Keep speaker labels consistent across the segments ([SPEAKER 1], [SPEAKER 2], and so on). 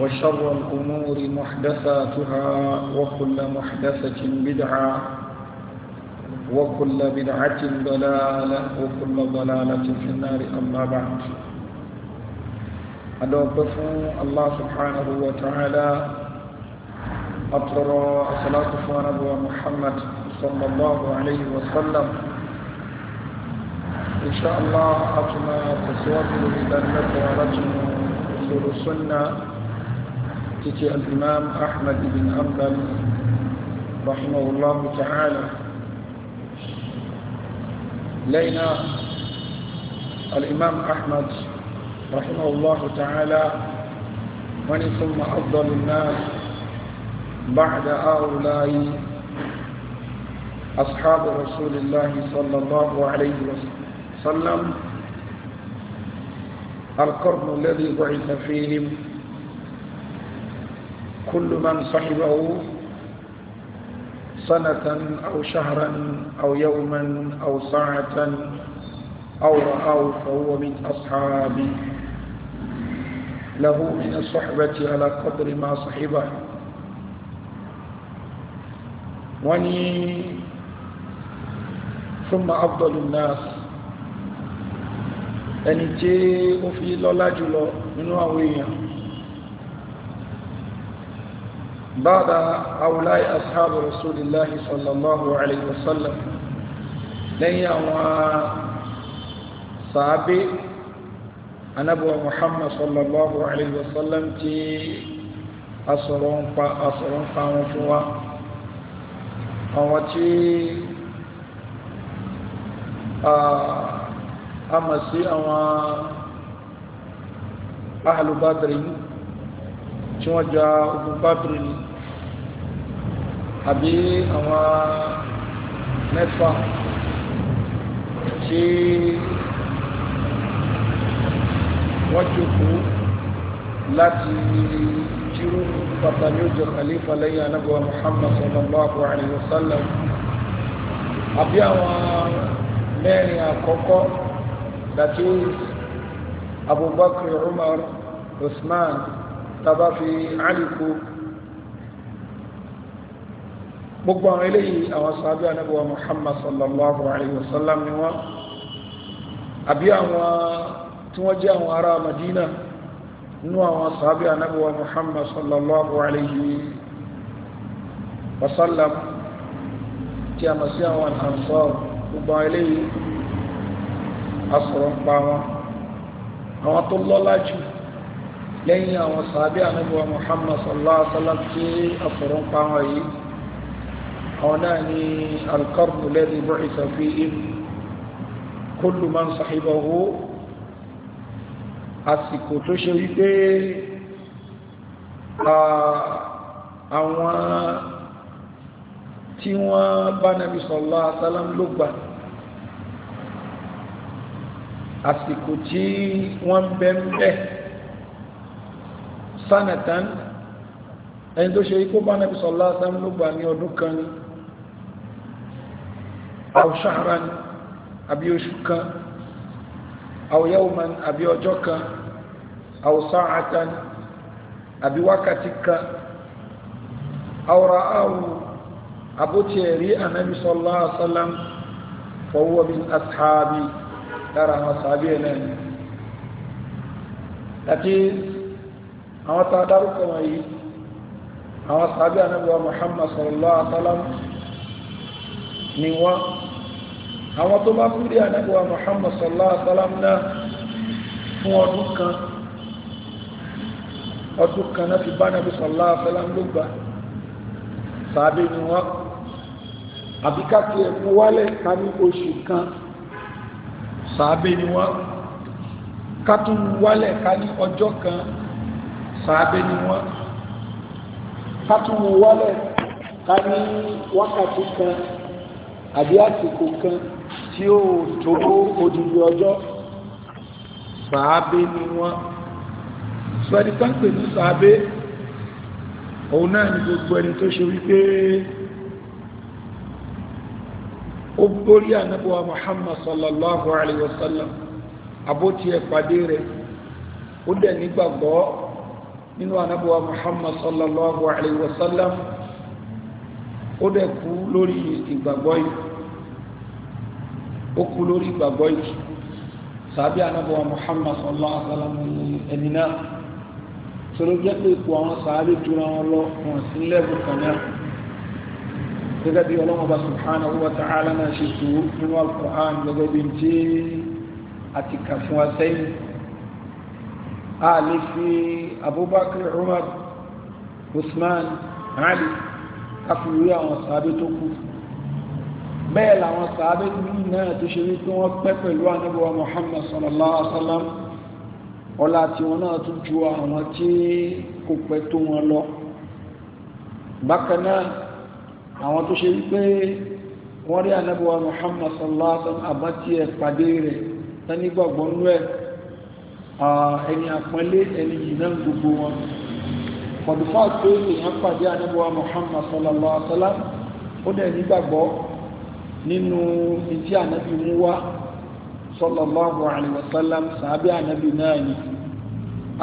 [SPEAKER 1] وشر الأمور محدثاتها وكل محدثة بدعة وكل بدعة ضلالة وكل ضلالة في النار أما بعد أدوبه الله سبحانه وتعالى أطر صلاة ونبوة محمد صلى الله عليه وسلم إن شاء الله أتنا تسوات لذنبك ورجم أصول سنة تجي الإمام أحمد بن أنبل رحمه الله تعالى لينا الإمام أحمد رحمه الله تعالى من ثم أفضل الناس بعد هؤلاء أصحاب رسول الله صلى الله عليه وسلم القرن الذي بعث فيهم كل من صحبه سنة أو شهرا أو يوما أو ساعة أو رآه فهو من أصحابي له من الصحبة على قدر ما صحبه وني ثم أفضل الناس أني tí ó fi من jùlọ بعد هؤلاء أصحاب رسول الله صلى الله عليه وسلم لن صحابي أنبو محمد صلى الله عليه وسلم تي أصرون فا أصرون فا وفوا أوتي أما سي أما أهل بدر tí wọ́n أبو بدر àbí àwọn mẹ́fà tí wọ́n jókòó láti jírú pàtàkì ojú khalifa lẹ́yìn anábọ̀wà muhammad sallallahu alaihi wasallam àbí àwọn mẹ́rin àkọ́kọ́ that is abubakar umar usman tabafi aliku gbogbo àwọn eléyìí àwọn sàábí anábíwá muhammad sallallahu alayhi wa sallam ni wọ́n àbí àwọn tí wọ́n jẹ́ àwọn ará madina nínú àwọn sàábí anábíwá muhammad sallallahu alayhi wa sallam tí a mọ̀ sí àwọn ansar gbogbo àwọn eléyìí asọ̀rọ̀ pa wọn àwọn tó lọ́lá jù lẹ́yìn àwọn sàábí anábíwá muhammad sallallahu alayhi wa sallam tí asọ̀rọ̀ pa wọn yìí أولاني القرن الذي بعث فيه كل من صحبه àsìkò tó ṣe wípé àwọn tí wọ́n bá nàbí sọ̀lá asálám ló gbà àsìkò tí wọ́n bẹ́ẹ̀ sanatan ẹni tó ṣe ikú bá nàbí sọ̀lá asálám ló gbà ní ọdún kan ni aw shahran àbí oṣù kan aw yawman àbí ọjọ́ kan aw sa'atan àbí wákàtí kan aw ra'ahu àbótí ẹ̀rí ànábi sallallahu alaihi wasallam fa huwa min ashabi lára àwọn sàábí ẹ̀ lẹ́nu àti àwọn tá a dárúkọ wọ̀nyí àwọn sàábí ànábi wa Muhammad sallallahu alaihi wasallam ni wọ́n àwọn tó bá kúrò ànábíwá Muhammad sallallahu alaihi wasallam náà fún ọdún kan ọdún kan náà fi bá nàbí sallallahu alaihi wasallam ló gbà sàábé ni wọ́n àbíkàkì ẹ̀kún wálẹ̀ ká ní oṣù kan sàábé ni wọ́n kátún wálẹ̀ ká ní ọjọ́ kan sàábé ni wọ́n kátún wálẹ̀ ká ní wákàtí kan àbí àsìkò kan tí ó tó odidi ọjọ́ sàábé ni wọ́n sọ́dí tánkpé ní sàábé òun náà ni gbogbo ẹni tó ṣe wípé ó borí ànábọ̀wá Muhammad sallallahu alayhi wasallam, sallam abóti ẹ̀ pàdé rẹ̀ ó dẹ̀ nígbàgbọ́ nínú ànábọ̀wá Muhammad sallallahu alayhi wasallam. sallam ó dẹ̀ kú lórí ìgbàgbọ́ yìí ó kú lórí ìgbàgbọ́ yìí sàbí anábọ̀wá Muhammad sallallahu alaihi wa sallam ẹni náà sọ̀rọ̀ jẹ́ pé ipò àwọn sàábì jura wọn lọ wọn sí lẹ́bùn kan náà gẹ́gẹ́ bí ọlọ́mọba subhanahu wa ta'ala náà ṣe tó nínú al-Qur'an gẹ́gẹ́ bí tí a ti kà fún wa sẹ́yìn a lè fi Abubakar Umar Usman Ali káfíwé àwọn sàábì tó kù fún bẹ́ẹ̀ làwọn sàábẹ́ ní náà tó ṣe wípé wọ́n pẹ́ pẹ̀lú ànábọ̀wà Muhammad sallallahu alaihi wasallam ọlá tí wọ́n náà tún ju àwọn tí kò pẹ́ tó wọn lọ bákan náà àwọn tó ṣe wípé wọ́n rí ànábọ̀wà Muhammad sallallahu alaihi àbá tí ẹ pàdé rẹ̀ tání gbàgbọ́ nínú ìtí ànábì mú wá sallallahu alaihi wasallam sàábẹ́ ànábì náà ni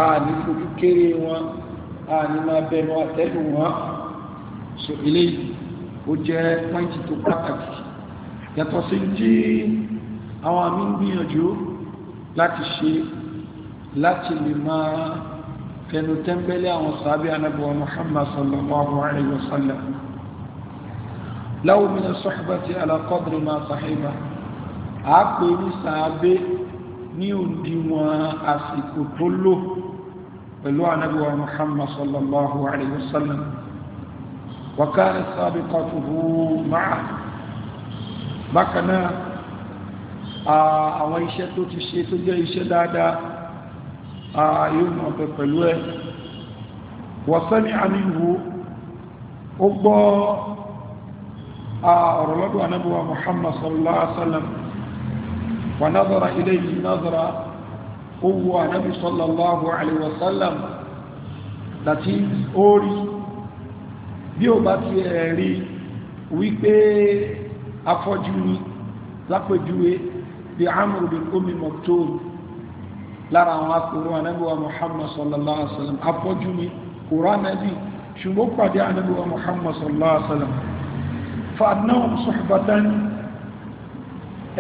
[SPEAKER 1] a ní fojú kéré wọn a ní máa bẹnu àtẹ́lù wọn so eléyìí ó jẹ́ pọ́ǹtì tó pàtàkì yàtọ̀ sí tí àwọn àmì ń gbìyànjú láti ṣe láti lè máa fẹnu tẹ́ńbẹ́lẹ́ àwọn sàábẹ́ ànábì wọn Muhammad sallallahu alaihi láwọn mi náà sọ́ọ̀bà ti alákọ́dìrì máa sàhìbà á pè ní sàábé ní òdiwọ̀n àsìkò tó lò pẹ̀lú anábíwá muhammad sallallahu alayhi wa sallam wakana sabiqatuhu ma'a bákanáà àwọn iṣẹ́ tó ti ṣe tó jẹ́ iṣẹ́ dáadáa yóò mọ̀ pẹ̀ pẹ̀lú ẹ̀ wọ̀sán ni àmì ìwò ó gbọ́ ọ̀rọ̀ lọ́dọ̀ anábíwa muhammad sallallahu alaihi wasallam wa nazara ilayhi nazara owó anábí sallallahu alaihi wasallam láti orí bí o bá ti rí wípé afọ́jú ni lápẹjúwe bí amru bin ummi maktum lára àwọn akòrò anábíwa muhammad sallallahu alaihi wasallam afọ́jú ni kòrò anábí ṣùgbọ́n pàdé anábíwa muhammad sallallahu alaihi wasallam fanáà sọ̀bátá ní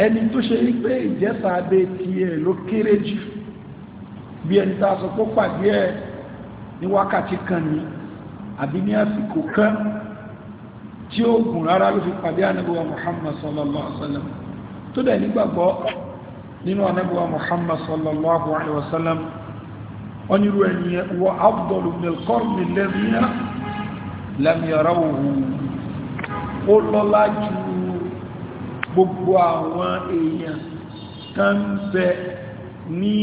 [SPEAKER 1] ẹni tó ṣe rí pé ìjẹ́sà abẹ́ ti ẹ̀ ló kéré jù bí ẹni tá sọ pọ́ pàdé ẹ̀ ní wákàtí kan ní àbí ní àsìkò kan tí ó gùn rárá ló fi pàdé anábíwá Muhammad sallallahu alaihi wasallam onírú ẹni wọ afdọ́lù min al-qarni alladhina ó lọ́lá ju gbogbo àwọn èèyàn kan bẹ ní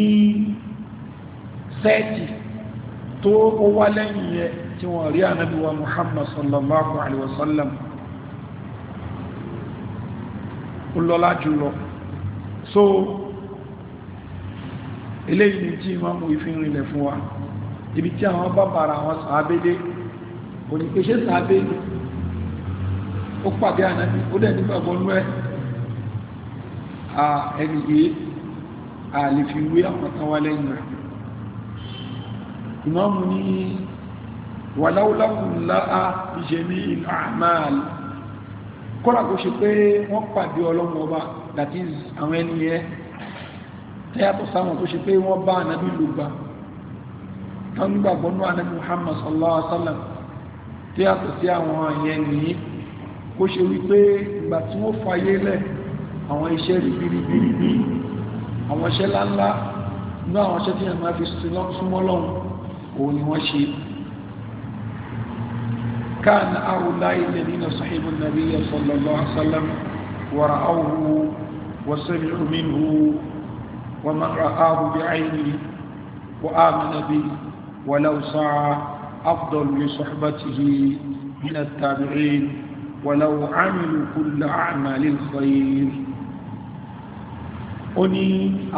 [SPEAKER 1] sẹ́ẹ̀tì tó ó wá lẹ́yìn ẹ tí wọ́n rí ànábì Muhammad sallallahu alaihi wasallam ó lọ́lá jùlọ so eléyìí tí wọ́n mú ìfin rinlẹ̀ fún wa ibi tí àwọn bàbára àwọn sàábédé òní pé sàábédé ó pàdé ànábì ó dẹ̀ nígbàgbọ́ nú ẹ̀ à ẹni yìí à lè fi wé àwọn kan wá lẹ́yìn rẹ̀ ìmáàmù ní wàláwùláwù láà ìṣẹ́ ní ìlú àmàlì kọ́lá kò ṣe pé wọ́n pàdé ọlọ́mọ ọba that is àwọn ẹni tẹ́yàtọ̀ sáwọn tó ṣe pé wọ́n bá ànábì ló gbà tán ànábì Muhammad sallallahu alaihi wasallam tẹ́yàtọ̀ sí àwọn ẹ̀yẹ nìyí kó ṣe wípé ìgbà tí wọ́n fayé lẹ̀ àwọn iṣẹ́ ribiribiribi àwọn iṣẹ́ láńlá ní àwọn iṣẹ́ tí ẹ̀mà fi súnmọ́ lọ́hùn òun ni wọ́n ṣe كان هؤلاء الذين صحبوا النبي صلى الله عليه وسلم ورأوه وسمعوا منه ومن رآه بعينه وآمن به ولو سعى أفضل لصحبته من التابعين wọ̀lọ́wọ́ àmìlú kúlù àmàlì khayr ó ní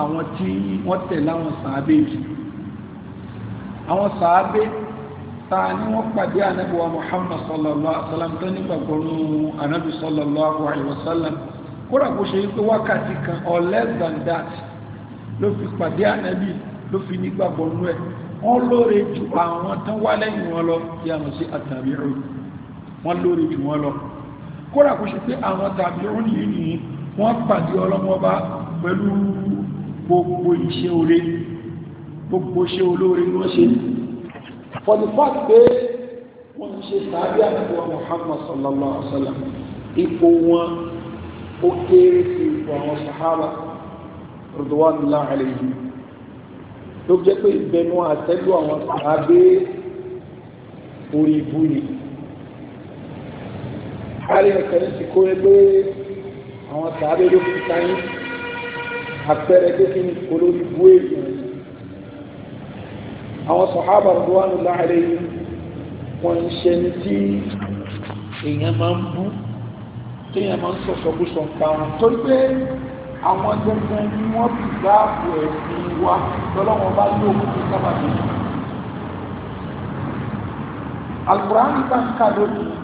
[SPEAKER 1] àwọn tí wọ́n tẹ̀lé àwọn sàábé yìí àwọn sàábé ta ni wọ́n pàdé anábíwa muhammad sallallahu alaihi wasallam tó nígbàgbọ́ nù anábí sallallahu alaihi wasallam kódà kó ṣe pé wákàtí kan or less than that ló fi pàdé anábí ló fi nígbàgbọ́ nù ẹ̀ wọ́n lóore ju àwọn tán wá wọn lọ kí a mọ̀ sí àtàbí ọ̀rọ̀ wọ́n lórí jù wọ́n lọ kódà kò ṣe pé àwọn tàbí òun yìí ni wọ́n pàdé ọlọ́mọba pẹ̀lú gbogbo iṣẹ́ oore gbogbo iṣẹ́ olóore ni wọ́n ṣe for the fact pé
[SPEAKER 2] wọ́n ń ṣe sàárì àti
[SPEAKER 1] wọn Muhammad sallallahu alaihi wa sallam ipò wọn ó kéré sí ipò àwọn sahaba radwanullahi alaihim ló jẹ́ pé ìbẹnu àtẹ́lú àwọn sàábé orí ibú ni kárí ẹ̀kẹ́ ní ti kó ẹgbẹ́ àwọn tàbí ló fi táyé àpẹẹrẹ tó fi ní olórí bú èèyàn àwọn sọ̀hábà rọ̀dọ́wánù láàrin wọn ń ṣe ní tí èèyàn máa ń bú tí èèyàn máa ń sọ̀sọ̀ bú sọ̀npa wọn tó gbé àwọn gbẹ̀gbẹ̀ ni wọ́n fi dáàbò ẹ̀sìn wa lọ́lọ́wọ́n bá ní òkú tó sábà dé. Al-Qur'an ń kà lónìí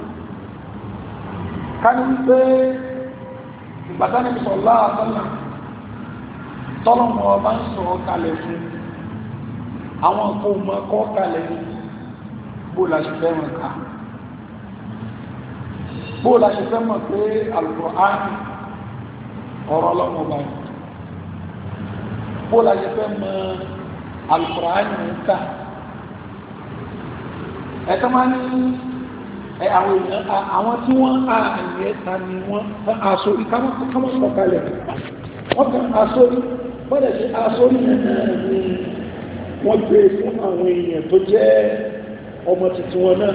[SPEAKER 1] kání wípé ìgbàdánì sọ̀lá àtọ́nà tọ́lọ̀mù ọba ń sọ kalẹ̀ fún àwọn nǹkan ọmọ kọ́ kalẹ̀ ṣe fẹ́ mọ̀ ká ṣe fẹ́ mọ̀ pé Al-Qur'an ọ̀rọ̀ ọlọ́mọ ọba yìí bó ṣe fẹ́ mọ̀ Al-Qur'an ń ta ẹ̀ka máa ń àwọn tí wọ́n ààyè ta ni wọ́n àsórí kámọ́ sọ̀kalẹ̀ wọ́n kan àsórí bọ́dẹ̀ sí àsórí náà ni wọ́n gbé fún àwọn èèyàn tó jẹ́ ọmọ tuntun wọn náà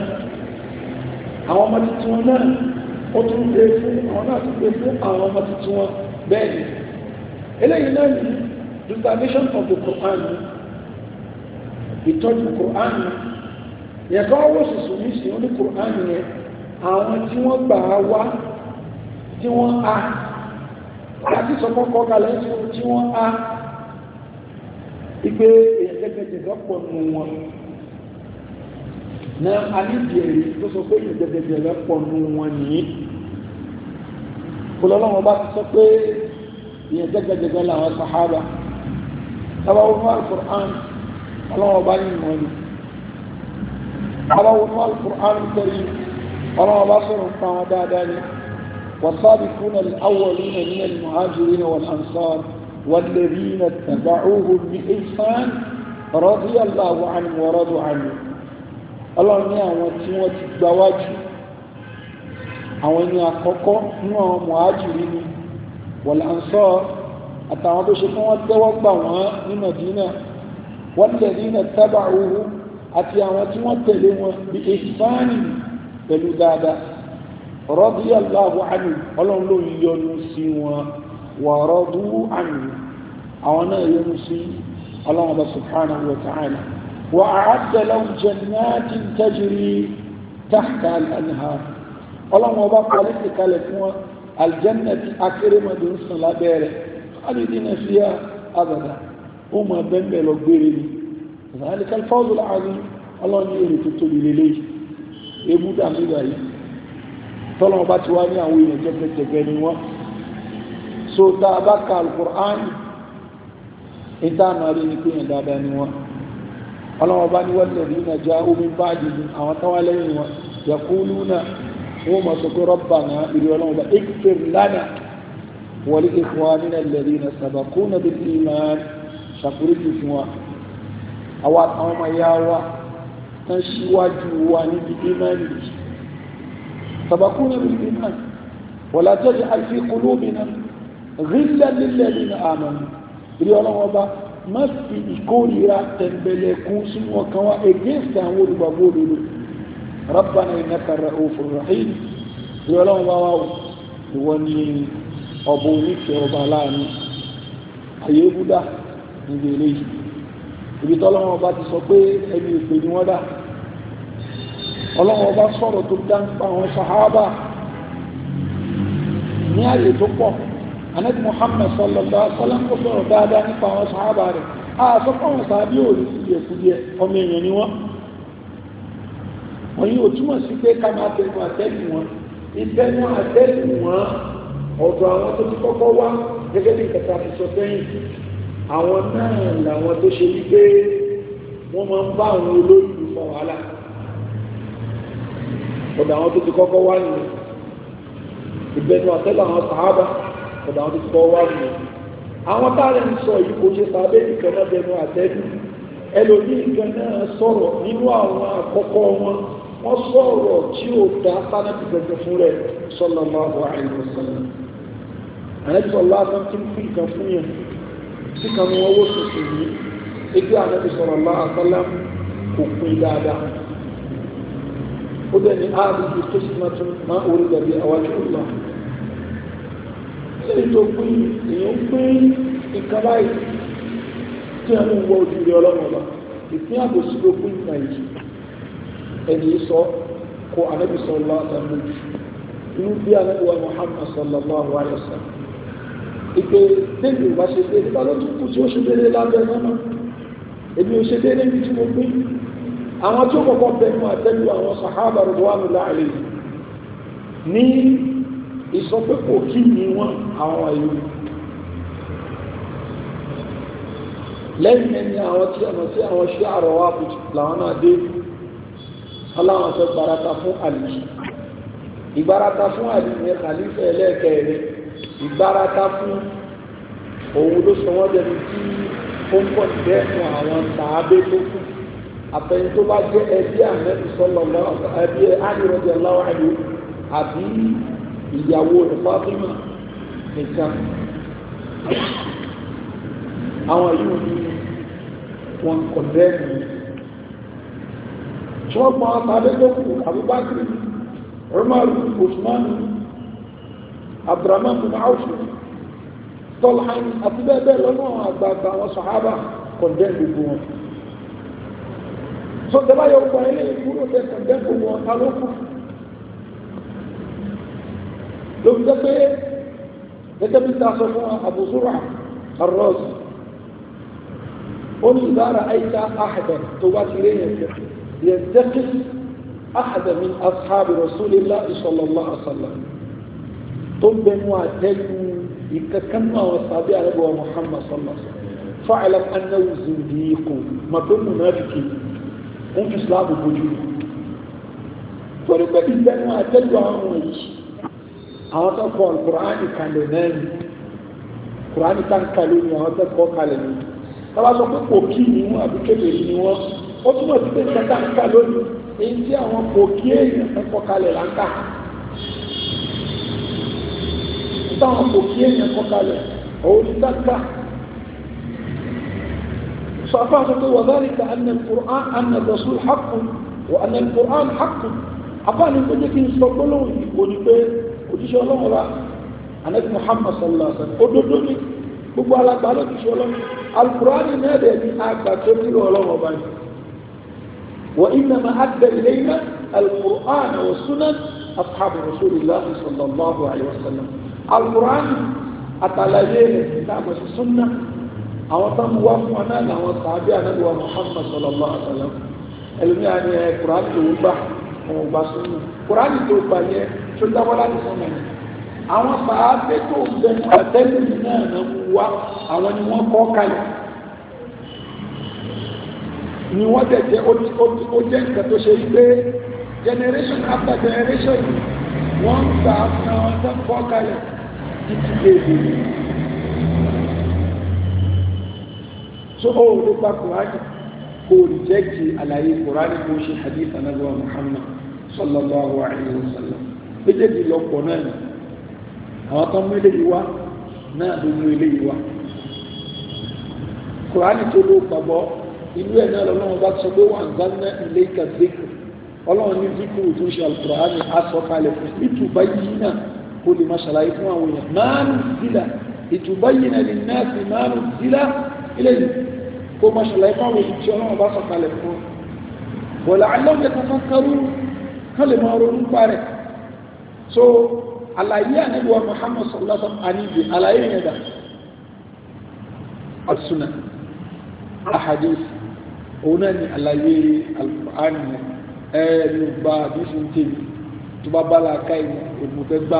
[SPEAKER 1] àwọn ọmọ tuntun wọn náà ó tún gbé fún àwọn náà tún gbé fún àwọn ọmọ tuntun wọn bẹ́ẹ̀ ni eléyìí náà ni the foundation of the Quran The ìtọ́jú Quran yẹ̀kọ́ owó sùsù ní sí oníkò ánìyẹ àwọn tí wọ́n gbà á wá tí wọ́n á láti sọ kọ́kọ́ kalẹ̀ tí wọ́n á ipé ìyẹ̀dẹ́gbẹ̀tẹ̀ lọ́pọ̀ nù wọn na alídìẹ̀rí tó sọ pé ìyẹ̀dẹ́gbẹ̀tẹ̀ lọ́pọ̀ nù wọn nìyí kọlọ́lọ́wọ́ bá ti sọ pé ìyẹ̀dẹ́gbẹ̀tẹ̀ làwọn sàhábà tábà wọn wá Al-Qur'an ọlọ́wọ́ bá ní nìyí aláwọ̀ ní al-Qur'an al-Karim ọlọ́wọ́ bá sọ̀rọ̀ fún àwọn dáadáa ni والسابقون الأولون من المهاجرين والأنصار والذين اتبعوهم بإحسان رضي الله عنهم ورضوا عنه ọlọ́run ní àwọn tí wọ́n ti gbáwájú àwọn ẹni àkọ́kọ́ nínú àwọn mọ̀hájìrí ni wọ̀láńsọ́ àtàwọn tó ṣe fún wọ́n tẹ́wọ́ gbà wọ́n ní Mẹ̀dínà wọ́n lè rí nà tábà ohun àti àwọn tí wọ́n tẹ̀lé wọn bí ìfáàní pẹ̀lú dáadáa radiyallahu anhu ọlọ́run ló yọ́nú sí wọn wa radu anhu àwọn náà yọ́nú sí ọlọ́run bá subhanahu wa ta'ala wa a'adda lahum jannatin tajri tahta al-anhar ọlọ́run ذلك الفوز العظيم ọlọ́run ní èrè tó tóbi lélẹ́yìí ebú dàmú ìgbàyí tọ́lọ́wọ́ bá ti wá ní àwọn èèyàn jẹ́gbẹ́jẹ́gbẹ́ ni wọ́n so tá a bá ka alukur'an ìtànà rí ni pé yẹn dáadáa ni wọ́n ọlọ́wọ́ bá ní wọ́lẹ̀ ní nàìjíríà omi bá jìnnì àwọn táwọn lẹ́yìn wọn yàkúlù náà wọ́n mọ̀ sọ pé rọ́bà náà ìrì ọlọ́wọ́ bá ìkìtìr lánàá wọlé ìfọwọ́ nílẹ̀ lẹ́yìn náà sàbàkúnà bí ìmọ̀ ṣàkúrú ti fún wa àwa àtàwọn ọmọ ìyá wa tán síwájú wa níbi ìmánì sabakuna bil iman wala taj'al fi qulubina ghillan lil ladina amanu ri ọlọ́wọ́ bá má fi ìkórìíra tẹ̀m̀bẹ̀lẹ̀kún sínú ọkàn wa against àwọn olùgbàgbọ́ òdodo rabbana innaka ra'ufur rahim rí ọlọ́run bá wà ó ìwọ ni ọba onífẹ́ ọba aláàánú ayébúdá níbi eléyìí ibi tọ́lọ́wọ́n bá ti sọ pé ẹni ìpè ni wọ́n dà ọlọ́wọ́n bá sọ̀rọ̀ tó dáńpá àwọn sàhábà ní ààyè tó pọ̀ anabi muhammad sallallahu alaihi wasallam kò sọ̀rọ̀ dáadáa nípa àwọn sàhábà rẹ̀ àsọ́pọ̀ àwọn sàábí ò rí kùdìẹ̀kùdìẹ̀ ọmọ èèyàn ni wọ́n wọ́n wọn ìtẹnu àwọn náà làwọn tó ṣe wípé wọ́n máa ń bá àwọn olóyìnbó fa wàhálà ọ̀dọ̀ àwọn tó ti kọ́kọ́ wá nìyẹn ìgbẹ́nu àtẹ́lẹ̀ àwọn sàhábà ọ̀dọ̀ àwọn tó ti kọ́kọ́ wá nìyẹn àwọn táàrẹ ń sọ yìí kò ṣe sàábé nìkan náà bẹnu àtẹ́lù ẹlòmí nìkan náà sọ̀rọ̀ nínú àwọn àkọ́kọ́ wọn wọ́n sọ̀rọ̀ tí ó dá sánàbì gbẹ̀gbẹ̀ fún rẹ̀ sallallahu alaihi wasallam àrẹ́sọ̀lá tó ti ń fún nǹkan fún yẹn tí kan ní wọn wò sòsò yìí ẹjọ́ ànábi sallallahu alaihi wasallam kò pín dáadáa ó dẹ̀ ní ààbò tó tó sinmi tó máa orí dàbí àwájú ọ̀la lẹ́yìn tó pín èèyàn pín nǹkan báyìí tí wọn ń wọ ojú rẹ ọlọ́run ọba ìpín ló pín yìí ẹni sọ kó ànábi ìpè débi ìwà ṣe pé nípa ló tún kù tí ó ṣe déédéé lábẹ́ mọ́nà èmi ò ṣe déédéé ibi tí mo gbé àwọn tí ó kọ́kọ́ bẹnu àtẹ́lu àwọn sàhábà rọ̀wánu láàrin ní ìsọpẹ́pọ̀ kí ni wọ́n àwọn ìlú lẹ́yìn ẹni àwọn tí ọ̀nà tí àwọn ṣe àrọ̀wá làwọn náà dé aláwọn fẹ́ gbarata fún àlì ìgbarata fún àlì ní àlìfẹ́ ẹlẹ́ẹ̀kẹ́rin ìgbárata fún òun ló sọ wọ́n dẹni tí ó ń pọ̀ jẹ́ fún àwọn sàábé tó kù àfẹ́yìn tó bá jẹ́ ẹbí àmẹ́bí sọ́lọ́ ẹbí ánìrọ̀jẹ̀ láwọn àlè àbí ìyàwó rẹ̀ Fátímà nìkan àwọn yìí ni wọn kọ̀ dẹ́nu ṣọ́gbọ́n sàábé tó kù Abubakar Umar Usman abdulrahman bin awusu tolhan àti bẹ́ẹ̀ bẹ́ẹ̀ lọ́nà àwọn àgbààgbà àwọn sàhábà kọ̀ndẹ́n gbogbo wọn so dẹ́bà yóò gba ilé ìkúrò tẹ kọ̀ndẹ́n gbogbo wọn ta ló kù lóbi jẹ́ pé gẹ́gẹ́ bí ta sọ fún Abu Zur'a ó ní ìbára àyíká àhàdà tó wá ti réyìn ẹ̀kẹ́ yẹn dẹ́kẹ́ àhàdà min ashabi rasulillah sallallahu alaihi tó ń bẹnu àtẹ́lu ìkankan náà wọn sàbí àrẹ́bọ̀ Muhammad sallọ́sọ fáìlà anáwó zùdí kò mà tó mú náà fi kéde ń fi síláàbù bójú lọ torí pé ìbẹnu àtẹ́lu àwọn wọ̀nyí àwọn tó kọ alukur'ani kalẹ̀ náà ni kur'ani tán kalẹ̀ ni àwọn tó kọ kalẹ̀ ni tọ́wá sọ pé òkì ni wọn àbí kébèrè ni wọn ó túmọ̀ sí pé tán kalẹ̀ ni èyí tí àwọn òkì èèyàn táwọn kò kí èèyàn kan kalẹ̀ òun ní dáká sọ́fà sọ pé wọ́n dárí ka anna al-Qur'an anna rasul haqqun wa anna al-Qur'an haqqun afá ni tó jẹ́ kí n sọ gbólóhùn yìí kò ní pé òjíṣẹ́ ọlọ́run ra anabi muhammad sallallahu alaihi wa sallam òdodo gbogbo alagba lójúṣe ọlọ́run al ní ẹ̀dẹ̀ ní àgbà tó nílò ọlọ́run ọba yìí وإنما أدى إلينا القرآن والسنن أصحاب رسول الله صلى الله عليه وسلم aluran àtàlàyé rẹ̀ ìlànà sunna àwọn tó ń wá fún aná làwọn sàábí ànábìwá Muhammad sallallahu alaihi wa sallam ẹlòmí àni ẹ kùránì tó gbà wọn ò gbà sunna kùránì tó gbà yẹ tó dáwọ́ láti sọmọ yẹn àwọn sàábí tó bẹnu àtẹ́lẹ́mì náà náà wá àwọn ni wọ́n kọ́ kalẹ̀ ni wọ́n tẹ̀ jẹ́ ó jẹ́ nǹkan tó ṣe pé generation after generation wọ́n ń gbà àwọn tó kọ́ kalẹ̀ títí léde so ó ló pa kùránì kò rìjẹ́kì àlàyé kùránì kò ṣe hadith anabuwa muhammad sallallahu alayhi wa sallam méjèèjì lọ́pọ̀ náà ni àwọn tó mú eléyìí wá náà ló mú eléyìí wá kùránì tó ló gbàgbọ́ ìlú ẹ̀ náà lọ́wọ́ bá sọ pé wọ́n gbá ná ilé ìka ọlọ́run ní zikr tó ṣe alukùránì asọ̀kalẹ̀ fún ìtùbá yìí náà kó ما máa ṣàlàyé fún àwọn èèyàn máa ń sílà ìtùbá yìí náà lè náà sì máa ń sílà ilé yìí kó máa ṣàlàyé fún àwọn èèyàn so àlàyé ànábìwá Muhammad sallallahu alaihi wasallam àníbi àlàyé yẹn dà asuna ahadith òun náà ni àlàyé alukur'an ẹ̀ẹ́dùgbà àdúsùn tèmi tó bá bá làákàyè òmùfẹ́ gbá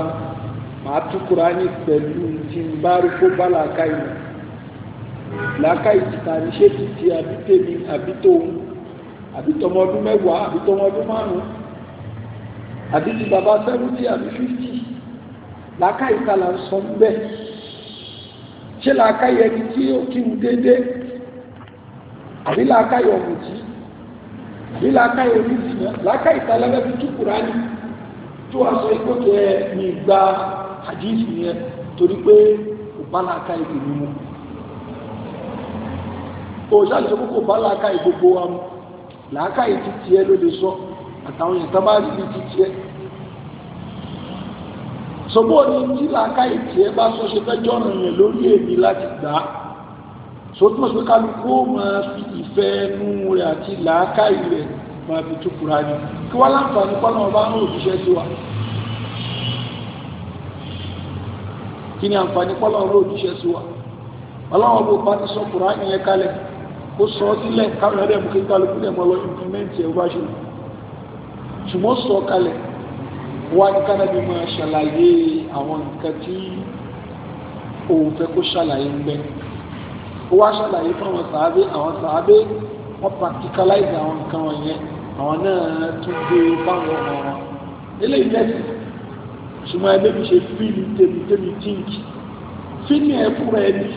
[SPEAKER 1] màá tú kúránì pẹ̀lú tí n bá rí kó bá làákà ìmọ̀ làákà ìtìta ní ṣé ti ti àbí tèmi àbí tòun àbí tọmọ ọdún mẹ́wàá àbí tọmọ ọdún márùn-ún àbí ti bàbá sẹ́wúntì àbí fífì làákà ìta là ń sọ níbẹ̀ ṣé làákà yẹ ni tí ó kí n déédéé àbí làákà yọ ọ̀mùtí àbí làákà yọ onídìí làákà ìta lẹ́gbẹ̀ẹ́ fi tú kúránì tó wà sọ ikú tó yẹ ní gbàá àdíìsì yẹn torí pé kò bá láàká ìdè o òṣà lè sọ pé kò bá láàká ìgbogbo wa mu làáká ìdí tiẹ ló lè sọ àtàwọn èèyàn tó bá rí ibi tiẹ sọ́bọ̀ ni tí làáká ìdí ẹ bá sọ ṣe fẹ́ jọ́nà yẹn lórí èmi láti gbà á sọ́tún ọ̀sẹ̀ kálukú máa fi ìfẹ́ ẹnu rẹ̀ àti làáká ìrẹ̀ máa fi túkúra ni kí wọ́n láǹfààní pọ́nà ọba ń òṣìṣẹ́ sí wa. kí ni àǹfààní pọ́lọ́run ló jíṣẹ́ sí wa ọlọ́run bó bá ti sọ kùránì yẹn kalẹ̀ ó sọ ọ́ sílẹ̀ káwọn ẹ̀rẹ́ mú kí kálukú lè mọ́ lọ implement ẹ̀ wáṣọ ṣùgbọ́n sọ kalẹ̀ wá ní kánábì máa ṣàlàyé àwọn nǹkan tí òun fẹ́ kó ṣàlàyé ń bẹ ó wá ṣàlàyé fún àwọn sàábé àwọn sàábé wọ́n practicalize àwọn nǹkan wọ̀nyẹn àwọn náà tún gbé báwọn ọmọ wọn eléyìí ṣùgbọ́n ẹgbẹ́ mi ṣe fíìlì tèmi tèmi tíǹkì
[SPEAKER 2] fíìlì ẹ̀ fúnra ẹni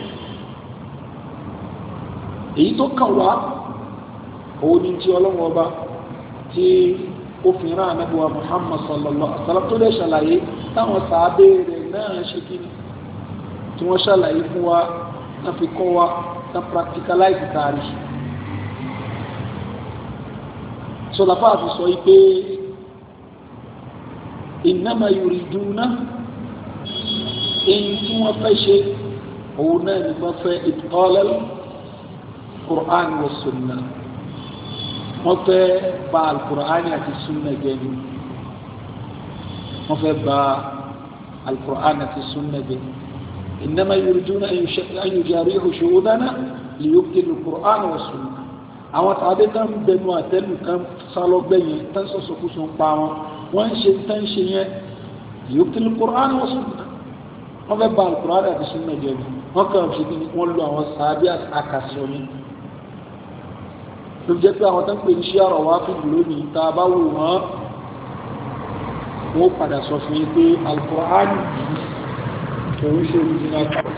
[SPEAKER 1] èyí tó kàn wá òun ni ti ọlọ́run ọba tí ó fi rán anábíwá Muhammad sallallahu alaihi wasallam tó lè ṣàlàyé táwọn sàábé rẹ̀ náà ṣe kí ni tí wọ́n ṣàlàyé fún wa náà fi kọ́ wa náà practicalize tààrí sọlá fáàfin sọ yìí pé innama yuriduna èyí tí wọ́n fẹ́ ṣe òun náà ni wọ́n fẹ́ ìtọ́lẹ̀ Qur'an wa sunna wọ́n fẹ́ bà al-Qur'an àti sunna jẹ́ni wọ́n fẹ́ bà al-Qur'an àti sunna jẹ́ni innama yuriduna an yujarihu shuhudana liyubtilu al-Qur'an wa sunna àwọn tàbí tán bẹnu àtẹ́lù kan sálọ́gbẹ̀yìn tán sọ́sọ́kú sun pa wọn wọ́n ń ṣe tán ṣe yẹn yóò tẹ̀lé Qur'an wọ́n sùn wọ́n fẹ́ ba Qur'an àti sunna jẹ́ bí wọ́n kàn fi kí wọ́n lo àwọn sàábí àkàsọ ni ló jẹ́ pé àwọn tó ń pè ní ṣé àrọ̀ wá fún ìlú lónìí tá bá wò wọ́n wọ́n padà sọ fún yín pé Al-Qur'an kò ń ṣe original Qur'an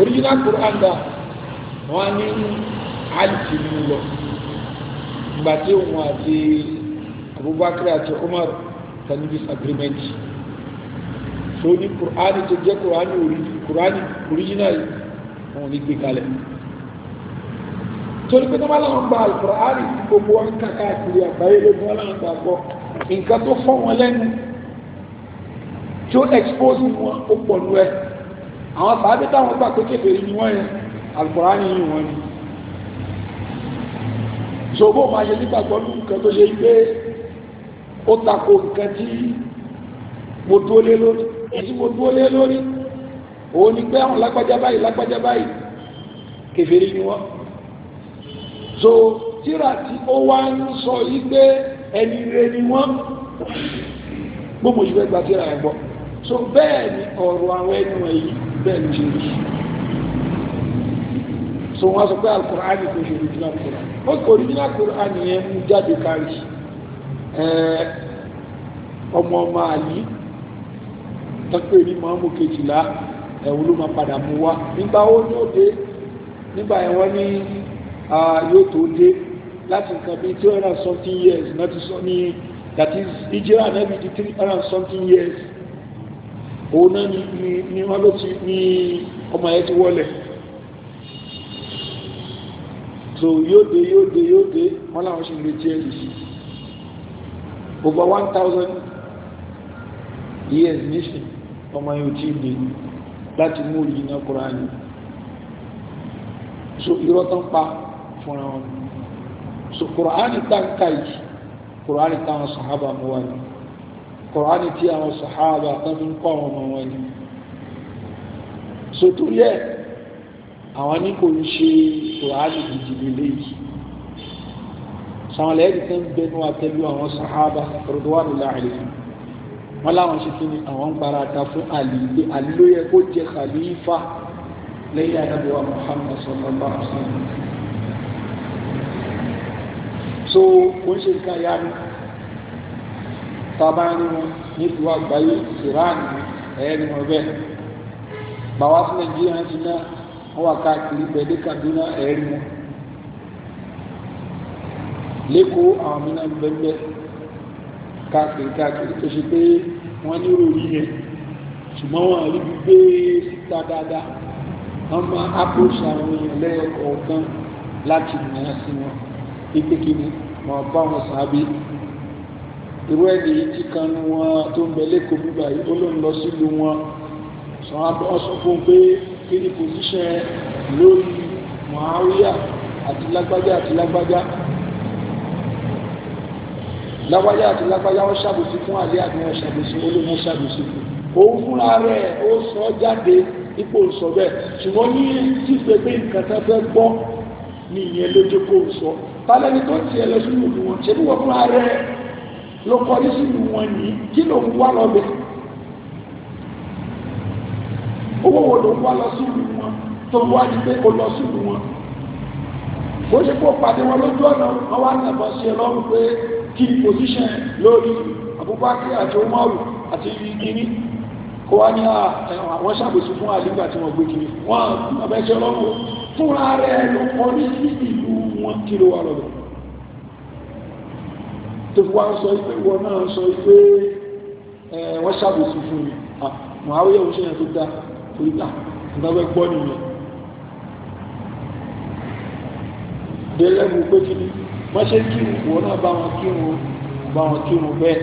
[SPEAKER 1] original Qur'an dà wọ́n á ní àìsí nínú lọ ìgbà tí òun àti Abubakar àti Umar tani disagreement so ní Kùránì tó jẹ́ Kùránì original òun ní gbé kalẹ̀ torí pé tọ́mọ́ láwọn gba Kùránì gbogbo wọn kàkà àkìrí àgbáyé lógún wọn láwọn gbà gbọ́ nǹkan tó fọ́ wọn lẹ́nu tí ó expose wọn ó pọ̀ nú ẹ àwọn sàábẹ́ táwọn gbà pé kékeré ni wọ́n yẹn al yìí wọ́n ni so bó máa ṣe nígbàgbọ́ ní nǹkan tó ṣe pé ó tako nǹkan tí mo dúó lé lórí èyí mo dúó lé lórí òun ni pé àwọn lágbájá báyìí lágbájá báyìí kèfèrí ni wọ́n so tíra tí ó wá ń sọ yí pé ẹni rẹ ni wọ́n gbogbo ìṣẹ́ gba tíra ẹ̀ gbọ́ so bẹ́ẹ̀ ni ọ̀rọ̀ àwọn ẹnu ẹ̀yìn bẹ́ẹ̀ ni ṣe rí so wọ́n sọ pé alukur'an kò ṣe original Quran ó kò original Quran yẹn mú jáde kárí ọmọ ọmọ àlì tọ́pẹ́ ní mọ́mú kejìlá ẹ̀wọ̀n ló máa padà mú wá nígbà ó ní òde nígbà ẹ̀wọ̀n ní yóò tó dé láti nǹkan bíi three hundred and something years náà ti sọ ní that is ìjírà náà bíi di three hundred and something years òun náà ni wọ́n ló ti ní ọmọ yẹn ti wọlé so yóò de yóò de yóò de. wọn làwọn ṣì ń retí ẹ̀rí sí Over one thousand years nísìn ọmọ yóò tí ì dé láti mú òrìjìnà Kùránì so irọ́ tán pa fúnra wọn so Kùránì tá ń ka yìí Kùránì táwọn sàhábà mú wá ní Kùránì tí àwọn sàhábà tán fi ń kọ́ àwọn ọmọ wọn ní so torí ẹ̀ àwọn ní kò ń ṣe kùránì gidi lílé yìí sàwọn lẹ́yìn tó ń bẹnu àtẹ́lú àwọn sàhábà rọ̀dọ̀wàmù láàrin wọn láwọn ṣe kíni àwọn gbarata fún àlì pé àlì ló yẹ kó jẹ khalifa lẹ́yìn àdábíwá Muhammad sallallahu alaihi wasallam so kò ń ṣe nǹkan ya ni tábà ní wọn nítorí àgbáyé ìran ẹ̀ẹ́ni wọn bẹ́ẹ̀ bàwá sí Nàìjíríà ti náà wọ́n wà káàkiri pẹ̀lú Kaduna ẹ̀rí wọn lẹ́kọ̀ọ́ àwọn mìíràn bẹ́ẹ̀ káàkiri káàkiri tó ṣe pé wọ́n ní ròrí yẹn ṣùgbọ́n wọn rí bí gbé síta dáadáa wọ́n máa approach àwọn èèyàn lẹ́ẹ̀kọ̀ọ̀kan láti nìyà sí wọn pípé kí ni wọn sábẹ́ irú ẹni tí kan wọn tó ń bẹ lẹ́kọ̀ọ́ bíbá yìí ó ló ń lọ sílùú wọn sọ fún pé gbé ní pòsíṣẹ́ lórí Muawiya àti lágbájá àti lágbájá lágbájá àti lágbájá wọ́n ṣàbòsí fún àlé àti wọ́n ṣàbòsí olóòwò ṣàbòsí fún òun fúnra rẹ̀ ó sọ jáde ipò sọ bẹ́ẹ̀ ṣùgbọ́n ní síse pé nǹkan tó fẹ́ gbọ́ ní ìyẹn lójú kó sọ tálẹ́ni tó tiẹ̀ lọ sínú ìlú wọn ṣe bí wọ́n fúnra rẹ̀ ló kọrí sínú wọn yìí kí ló ń wá ọwọ́ wọn ló ń wá lọ sí ìlú wọn tó ń wá ní pé ó lọ sí ìlú wọn bó ṣe kó pàdé wọn lójú ọ̀nà wọn wá nàbọ̀ sí ẹ lọ́rùn pé kí ni position lórí Abubakar àti Umaru àti ìgbìní kó wá ní àwọn ṣàbòsí fún àlígbà tí wọ́n gbé kiri wọ́n abẹ́ṣẹ́ lọ́rùn fúnra rẹ̀ ló kọ́ ní ìlú wọn kiri wà lọ́dọ̀ tó fi wá ń sọ pé wọn náà sọ pé wọ́n ṣàbòsí fún mi àwọn yẹ̀wò ṣe yẹn tó dáa torí pé ìdáwẹ́ gbọ́ nìyẹn bẹ́ẹ̀ mú pé kí ni wọ́n ṣe kírun wọ́n náà bá wọn kírun bá wọn kírun bẹ́ẹ̀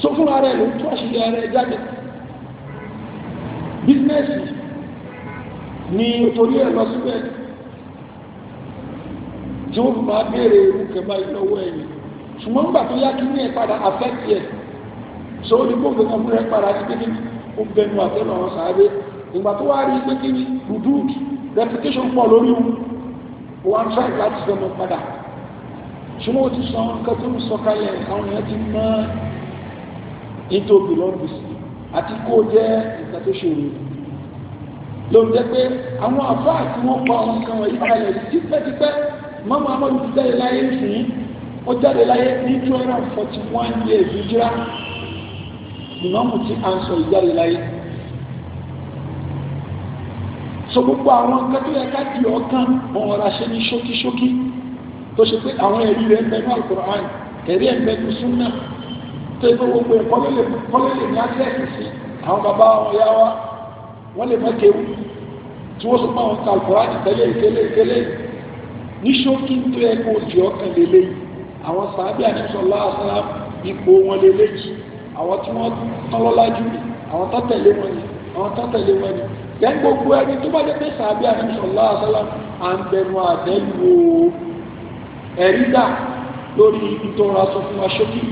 [SPEAKER 1] sọ fún ara ẹ̀ ló tó àṣírí ara ẹ̀ jáde bísínẹ́sì ni torí ẹ̀ lọ síbẹ̀ tí wọ́n fi máa béèrè irú kẹba ìlọ́wọ́ ẹ̀yìn ṣùgbọ́n nígbà tó yá kí ní ẹ̀ padà affect yẹ̀ so ó ní kó gbé kan fúnra padà sí kékeré ó bẹnu àtẹnu àwọn sàábé ìgbà tó wá rí i pé reputation pọ̀ lórí wọn ó wá ń try láti fẹ́ mọ padà ṣùgbọ́n ó ti sọ àwọn nǹkan tó ń sọ kalẹ̀ àwọn èèyàn ti mọ ètò bìlọ́ọ̀bìsì àti kó jẹ́ nǹkan tó ṣòro ló ń jẹ́ pé àwọn àfáà tí wọ́n pa àwọn nǹkan wọ̀nyí kalẹ̀ tipẹ́tipẹ́ mọ́mọ́ amọ́lùfẹ́ láyé ń ó jáde láyé ní two forty one years ìjírá ìmọ̀mù tí a ń sọ ìjáde láyé so gbogbo àwọn nǹkan tó yẹ ká di ọkàn ọ̀hún ọ̀rá ṣe ní ṣókíṣókí tó ṣe pé àwọn ẹ̀rí rẹ̀ mẹ́nu alukur'an ẹ̀rí ẹ̀ mẹ́nu súnà tó yẹ gbogbo ẹ̀ kọ́lẹ́lẹ̀ ní àṣẹ́ẹ̀sì sí àwọn bàbá wọn yá wa wọ́n lè má tí wọ́n sọ pé àwọn ka alukur'an tẹ́lẹ̀ ìkẹ́lẹ̀ ní ṣókí àwọn tí wọ́n tọ́lọ́lájú ni àwọn tọ́tẹ̀lé wọn ni àwọn tọ́tẹ̀lé wọn ni yẹn gbogbo ẹni tó bá dẹ́gbẹ́ sàbí àdìsọ̀lá àṣálà à ń bẹnu àdẹ́lu ẹ̀rí dà lórí ìtọ́ra sọ fún wa ṣókí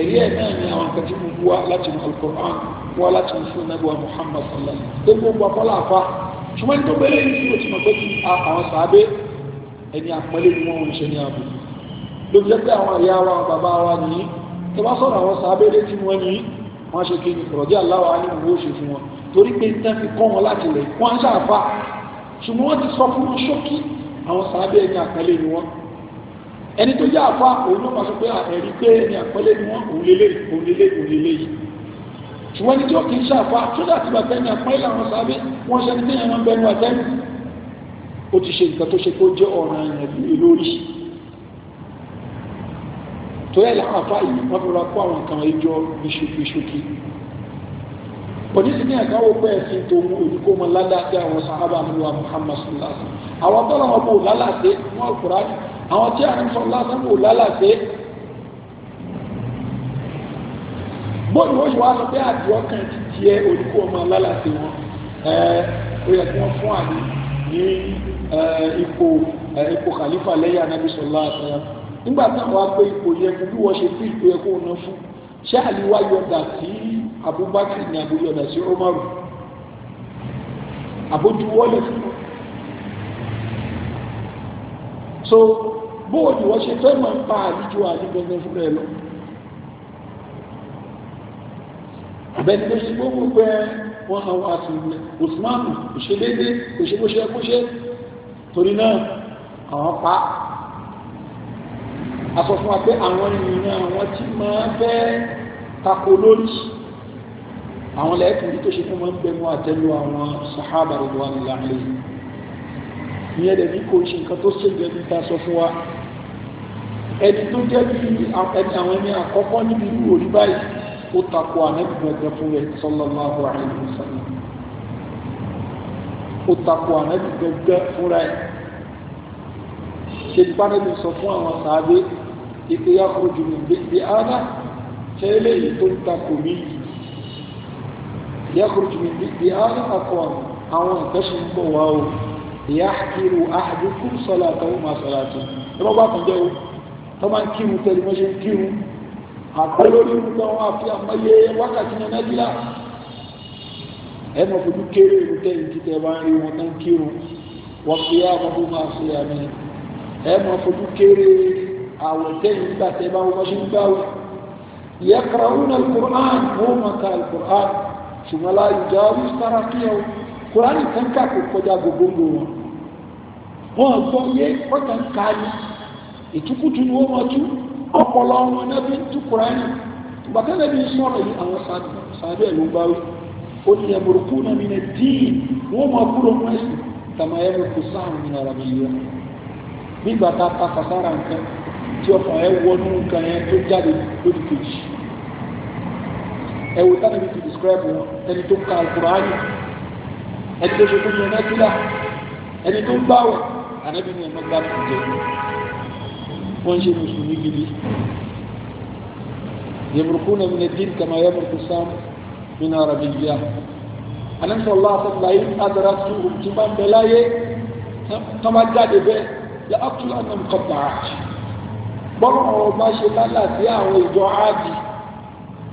[SPEAKER 1] èyí ẹ̀ náà ni àwọn nǹkan tí mo bu wa láti mú alukur'an wá láti mú fún nàgbà muhammad sallallahu alaihi wa sallam tó gbogbo akọ́lá àfa ṣùgbọ́n ní tó gbélé yìí tí o ti àwọn sàábé ẹni àpọ́lé ni wọ́n ń ṣe ní àbò ló jẹ́ pé àwọn ìyá wa bàbá wa nìyí tó bá sọ̀rọ̀ àwọn sàábẹ́lẹ́ tí wọ́n ní wọ́n ṣe kí ni rọ̀dí aláwọ̀ alìmọ̀ ó ṣe fún wọn torí pé tán fi kọ́ wọn láti lẹ̀ wọ́n ń ṣàfà ṣùgbọ́n wọ́n ti sọ fún wọn ṣókí àwọn sàábẹ́ ẹni àpẹẹlẹ ni wọ́n ẹni tó jẹ́ àfà òun ló máa sọ pé ẹ̀rí pé ẹni àpẹẹlẹ ni wọ́n òun lélẹ̀ òun lélẹ̀ òun lélẹ̀ yìí ṣùgbọ́n ẹni tí ó kì í ṣàfà tó dàtí bàtẹ́ ẹni àpẹẹlẹ àwọn sàábẹ́ wọ́n ṣe ẹni tí ẹni wọn bẹnu àtẹ́nu ó ti ṣe nǹkan tó ṣe kó jẹ́ ọ̀ràn ẹ̀yàn lórí tó yẹ láwọn afá yìí wọ́n fi ra kó àwọn kan ìjọ ìṣòkìṣòkì onísìnyí ẹ̀ka wo pẹ́ ẹ̀sìn tó mú ojú kó mọ ládàáde àwọn sàhábà nínú wa Muhammad sallallahu alaihi wasallam àwọn tọ́lá wọn bò lálàdé wọn àkùrá ni àwọn tí àwọn sọ lásán bò lálàdé bóyá wọ́n yóò wá sọ pé àdìọ́ kan ti tiẹ̀ ojú kó mọ lálàdé wọn ẹ̀ẹ́ ó yẹ kí wọ́n fún àdé ní ipò ipò khalifa lẹ́yìn anábì nígbà táwọn apẹ ipò yẹ kó bí wọ́n ṣe fi ipò yẹ kó ná fún ṣé àlìwá yọ̀dà sí Abubakar ní àbò yọ̀dà sí Umaru àbójúwọ́lẹ̀ fún wọn so bóòdù wọ́n ṣe fẹ́ máa ń pa àlejò àdígbẹ́gbẹ́ fún rẹ̀ lọ bẹ́ẹ̀ ló ṣe gbogbo pé wọ́n àwọn àtìlẹ̀ Usman òṣèlédé òṣèbóṣe ẹkúṣe torí náà àwọn pa á a sọ fún wa pé àwọn ènìyàn àwọn tí máa fẹ́ tako lórí àwọn lẹ́ẹ̀kùnrin tó ṣe fún wọn pẹ̀lú àtẹ́lú àwọn sahaba rẹ̀ wà nílá lẹ́yìn ìyẹn dẹ̀ ní kò ṣe nǹkan tó ṣe jẹ́ níta sọ fún wa ẹni tó jẹ́ bí ẹni àwọn ẹni àkọ́kọ́ níbi irú òrí báyìí ó takò ànẹ́bìgbẹ̀gbẹ̀ fún fún rẹ̀ ìpé yàkùrùjù ní gbé ánà tẹ́lẹ̀ yìí tó ń takò mí yàkùrùjù ní gbé ánà àkọ́ àwọn ìtẹ́sùn bọ̀ wá o ìyá kírù ahadukum salatahu ma salatu rọ́bà kan jẹ́ o tó máa ń kírun tẹ́lẹ̀ mọ́ ṣe ń kírun àpẹẹlórí orúkọ wọn àwẹ̀ tẹ́yìn gbà tẹ́ bá wọ́n ṣe ń gbàwẹ̀ yaqra'una al-Qur'an wọ́n mọ̀ ká al-Qur'an ṣùgbọ́n la yujawizu taraqiyahu kùránì kan kà kò kọjá gbogbo wọn wọn gbọ́ yé ọ̀tà ń ka ni ìtukùtù ni wọ́n mọ̀ tú ọpọlọ wọn náà fi ń tú kùránì gbàtẹ́lẹ̀ bí sọ̀rọ̀ yìí tí ọkàn ẹ wọnú nǹkan yẹn tó jáde lódì kejì ẹwò tánàbí ti describe wọn ẹni tó ka alukurani ẹni tó ṣe fún mi ẹnẹ́tìlá ẹni tó ń báwọ̀ ànábì ní ẹ̀mọ́ gbà tó jẹ wọ́n ń ṣe mùsùlùmí gidi yẹmùrùkú náà min ad-din kama yamurku sáàmù min arabiyya anamsọ allah asọ́láyé adara tó o ti máa ń bẹ láyé tó máa jáde bẹ́ẹ̀ yà á tún ànàm kọ́ bàá bọ́rọ̀ ọba ṣe lálà sí àwọn ìjọ áàdì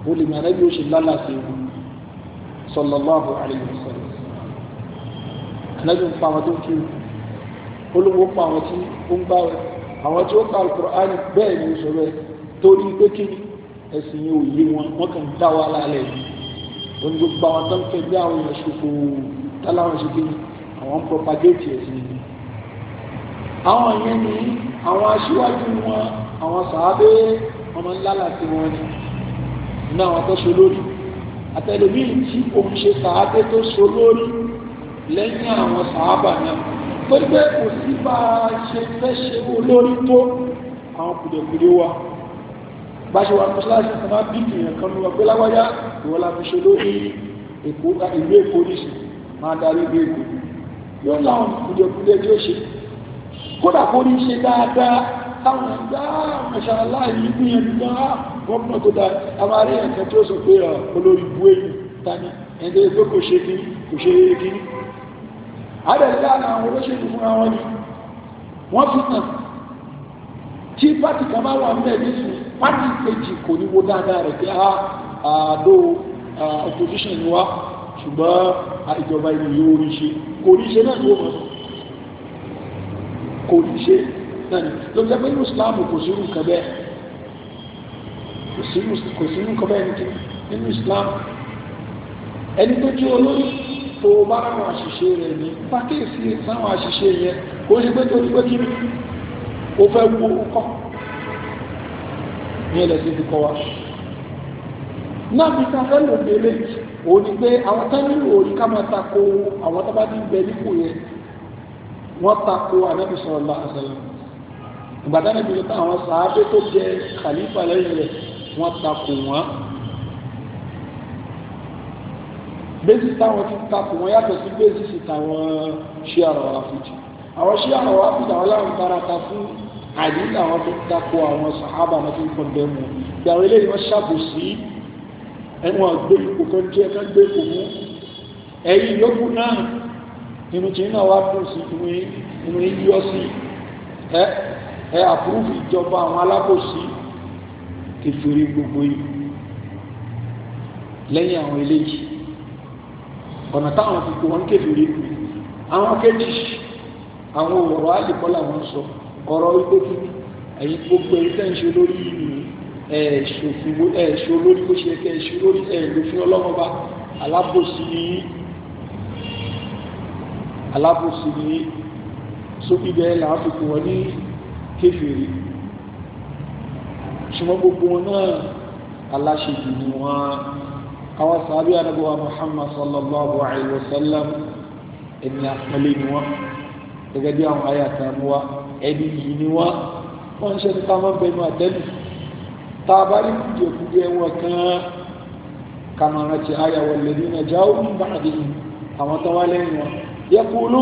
[SPEAKER 1] olùmọ̀rẹ́ bí ó ṣe lálà sí wọn sallallahu alayhi wa sallam anájú ń pa àwọn tó ń kiri olówó pa àwọn tí ó ń bá rẹ àwọn tí ó ka alukur'an bẹ́ẹ̀ ni ó sọ rẹ torí pé kí ẹ̀sìn yìí wọn wọn kàn dá wa lálẹ́ àwọn yẹn ni àwọn aṣíwájú wọn àwọn sàábé ọmọ ńlá láti wọn ni ní àwọn tó so lórí àtẹlẹmíì tí òun ṣe sàábé tó so lórí lẹ́yìn àwọn sàábà náà tó pé kò sí bá a ṣe fẹ́ ṣe olórí tó àwọn kùdẹ̀kùdẹ̀ wa bá ṣe wà mọ́ṣáláṣí kan bá bí kìnyàn kan ló wà pé láwáyá ìwọ́n la fi ṣe lórí èkó ìlú èkó nìṣẹ́ máa darí ìlú èkó yóò láwọn kùdẹ̀kùdẹ̀ tí ó ṣe kódà kó ní ṣe dáadáa táwọn ẹgbẹ́ àmàṣàlá yìí gbìyànjú gan á gọ́ọ̀nà tó dáa àmàrí ẹ̀kẹ́ tí ó sọ pé ah, olórí bú èyí tani ẹ̀dẹ́ pé kò ṣe kí kò ṣe kí ní adẹ̀lẹ́ àná àwọn olóṣèlú fúnra wọn ni wọ́n fi hàn tí pátì kan bá wà ń bẹ̀ nísìn pátì kejì kò ní wo dáadáa rẹ̀ pé ah, àádó opposition ni wá ṣùgbọ́n ìjọba ìlú yóò rí kò rí náà ni ó mọ̀ kò rí náà ni ló ń jẹ́ pé inú islam kò sí irú nǹkan bẹ́ẹ̀ kò sí irú nǹkan bẹ́ẹ̀ nínú islam ẹni tó jẹ́ olórí tó bá ráwọn àṣìṣe rẹ̀ ní pàkíyèsí sáwọn àṣìṣe yẹn kò ṣe pé tó ní pé kí ó fẹ́ wo kọ́ ní ẹlẹ́sìn ti kọ́ wa náà bí ká fẹ́ lò délé òun ni pé àwọn tán nílò òní ká máa tako àwọn tó bá ti bẹ nípò yẹn wọ́n tako ànábì sallallahu alaihi wasallam ìgbàdá níbi tó àwọn sàábé tó jẹ khalifa lẹ́yìn rẹ̀ wọ́n takò wọ́n bẹ́sì táwọn ti takò wọ́n yàtọ̀ sí bẹ́sì sí táwọn ṣí àrọ̀ àfìjì àwọn ṣí àrọ̀ àfìjì àwọn láwọn baraka fún àdínlẹ̀ àwọn tó takò àwọn sàábà wọn tó ń pọ̀nbẹ́ mu bí àwọn eléyìí wọ́n ṣàbòsí ẹ̀wọ̀n gbé ipò kan jẹ́ kan gbé ipò mú ẹ̀yìn yókù náà inú ẹ àpúrúfù ìjọba àwọn alábòsí kẹfìrí gbogbo yìí lẹ́yìn àwọn eléyìí ọ̀nà táwọn fi kó wọn kẹfìrí àwọn kejì àwọn ọ̀rọ̀ àlìkọ́lá wọn sọ ọ̀rọ̀ ikú kíkí ẹ̀yin gbogbo ẹ̀rí tẹ́ǹṣe lórí ẹ̀ṣòfin ẹ̀ṣò lórí bó ṣe kẹ́ ẹ̀ṣò lórí ẹ̀lòfin ọlọ́mọba alábòsí ni alábòsí ni sókè bẹ́ẹ̀ làá fi kó wọn ní kéfèrè ṣùgbọ́n gbogbo wọn náà aláṣejù ni wọ́n àwọn sàábí anábọ̀wá Muhammad sallallahu alayhi wa sallam ẹni àpẹẹlẹ ni wọ́n gẹ́gẹ́ bí àwọn ayàtà mú wa ẹni yìí ni wọ́n wọ́n ń ṣe ní ká máa bẹnu àtẹ́lù tá a bá rí kùdìẹ̀kùdìẹ̀ wọn kan ká máa rántí ayàwó lẹ́nu náà jáwó ń bá àdéhùn àwọn tó wá lẹ́yìn wọn yẹ kúlù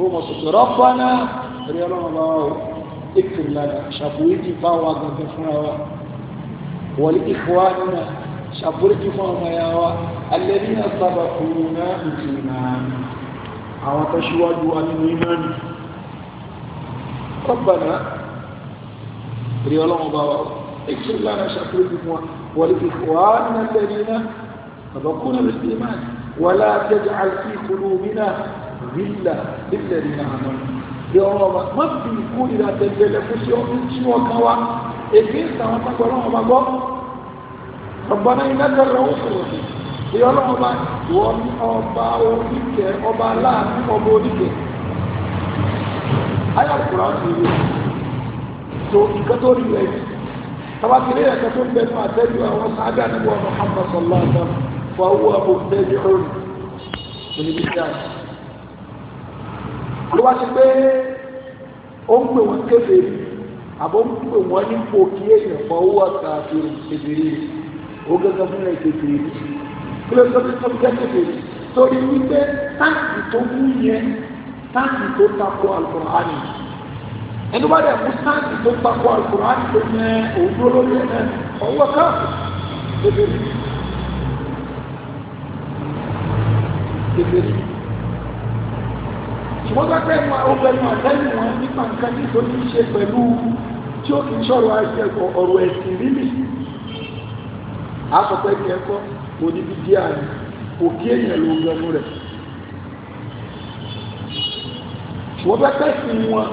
[SPEAKER 1] ó mọ̀ sọ̀tọ̀ rọ́pọ̀ náà rí ọlọ́run bá اكتب لنا شابوريتي فاوا غنب فاوا ولإخواننا شابوريتي فاوا ياوا الذين سبقونا بالإيمان أو تشوادوا الإيمان ربنا ريالهم باوا اكتب لنا شابوريتي فاوا ولإخواننا الذين سبقونا بالإيمان ولا تجعل في قلوبنا غلا للذين آمنوا bí ọ̀rọ̀ wa má fi ikú ìdàtẹ̀tẹ̀lẹ̀ fún sí ọdún tí wọ́n kan wá èké ìtàwọn tágbọ́ ọlọ́run bá gbọ́ ọ̀gbọ́nà iná tẹ̀lé ó sọ̀rọ̀ bí ọlọ́run bá wọ́n ọba oníkẹ́ ọba láàánú ọba oníkẹ́ ayọ̀kùnrin ọ̀sẹ̀ tó ń bẹ fún àtẹ́jú àwọn sáájà nígbà Muhammad sallallahu alaihi wa sallam fọwọ́ àbòtẹ́jú ló wá sí pé ó ń pè wọ́n kèfèrí àbó ń pè wọ́n nípò kí èèyàn mọ owó àgbà àti kèfèrí ó gẹ́gẹ́ fún ẹ̀ kèfèrí kí ló tóbi tó jẹ́ kèfèrí torí wípé táǹkì tó mú yẹn táǹkì tó takò Al-Kùránì ẹni wá dẹ̀ mú táǹkì tó takò Al-Kùránì tó yẹ òun dúró lórí ẹ̀ náà ọwọ́ káàkiri kèfèrí kèfèrí ṣùgbọ́n bá pẹ́ ọgbẹ́ inú àtẹ́lù wọn nípa nǹkan tí tó ní ṣe pẹ̀lú tí ó kì í ṣọ̀rọ̀ àìsẹ̀kọ̀ ọ̀rọ̀ ẹ̀sìn lílì àsọpẹ́ ní ẹ̀kọ́ oníbi díà ni òkè èèyàn ló ń gbẹmú rẹ̀ ṣùgbọ́n bá pẹ́ sí wọn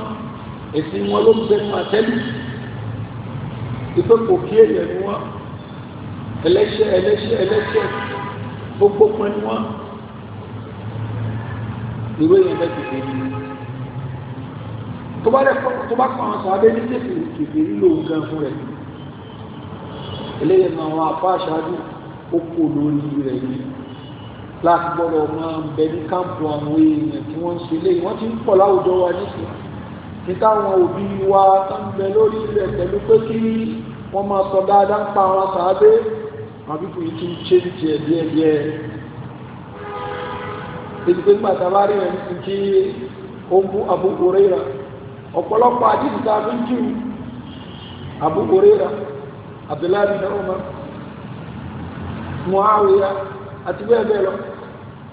[SPEAKER 1] ẹ̀sìn wọn ló ń bẹ inú àtẹ́lù ìpè òkè èèyàn ni wọn ẹlẹ́ṣẹ̀ ẹlẹ́ṣẹ̀ ẹlẹ́ṣẹ̀ gbogbo pẹ́ ni wọn ìwé yẹn bẹ́ ti fèrè ní tó bá kọ́ àwọn sàábẹ́ ní tètè kèfè nílò nǹkan fún rẹ̀ eléyìí máa wọn apá àṣáájú ó kò lórí rẹ̀ yìí láti gbọ́dọ̀ máa ń bẹ ní káàmpù àwọn èèyàn tí wọ́n ń ṣe léyìí wọ́n ti ń pọ̀ láwùjọ wa nísìnyí ní táwọn òbí wa tó ń bẹ lórí rẹ̀ pẹ̀lú pé kí wọ́n máa sọ dáadáa ń pa àwọn sàábẹ́ àbíkú yìí ti ń ṣe ní tiẹ̀ díẹ̀díẹ̀ èdè pé nígbà tàbá rí ẹni tí kí ó Abu Huraira ọ̀pọ̀lọpọ̀ àdìsí tá a jù Abu Huraira Abdullahi bin Umar Muawiya àti bẹ́ẹ̀ bẹ́ẹ̀ lọ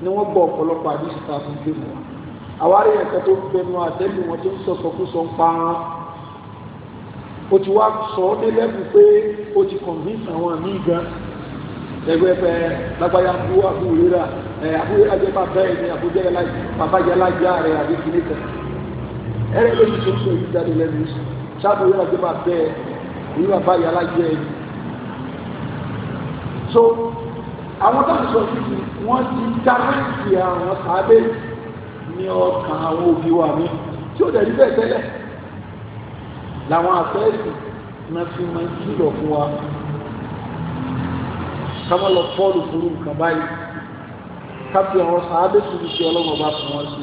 [SPEAKER 1] ni wọ́n gbọ́ ọ̀pọ̀lọpọ̀ àdìsí tá a fi ń jù wọn àwárí ẹ̀ka tó bẹnu àtẹ́lù wọn tó ń sọ̀sọ̀kúsọ ń pa ara ó ti wá sọ ọ́ dé lẹ́bù pé ó ti convince àwọn àmì gan ẹgbẹ́ fẹ́ lágbáyà ń bú Abu Huraira àbújẹ́ bàbá ẹ̀ ni àbújẹ́ bàbájẹ́ alájà rẹ̀ àbí kìíní kan ẹ̀rẹ́ lóyún tó ń sọ èyí jáde lẹ́nu oṣù sábúrú àjẹ́ bàbá ẹ̀ ní bàbá yà alájà ẹ̀ ni. so àwọn táwọn sọ yìí wọ́n ti dáhàǹtì àwọn sábẹ́ ní ọkàn àwọn òbí wa mi tí ó dẹ̀ rí bẹ́ẹ̀ tẹ́lẹ̀ làwọn àfẹ́sì na fi máa ń kìlọ̀ fún wa ká má lọ fọ́ọ̀lù burú nǹkan báyìí ká fi àwọn sàádé síbi tí ọlọ́run fún wọn sí.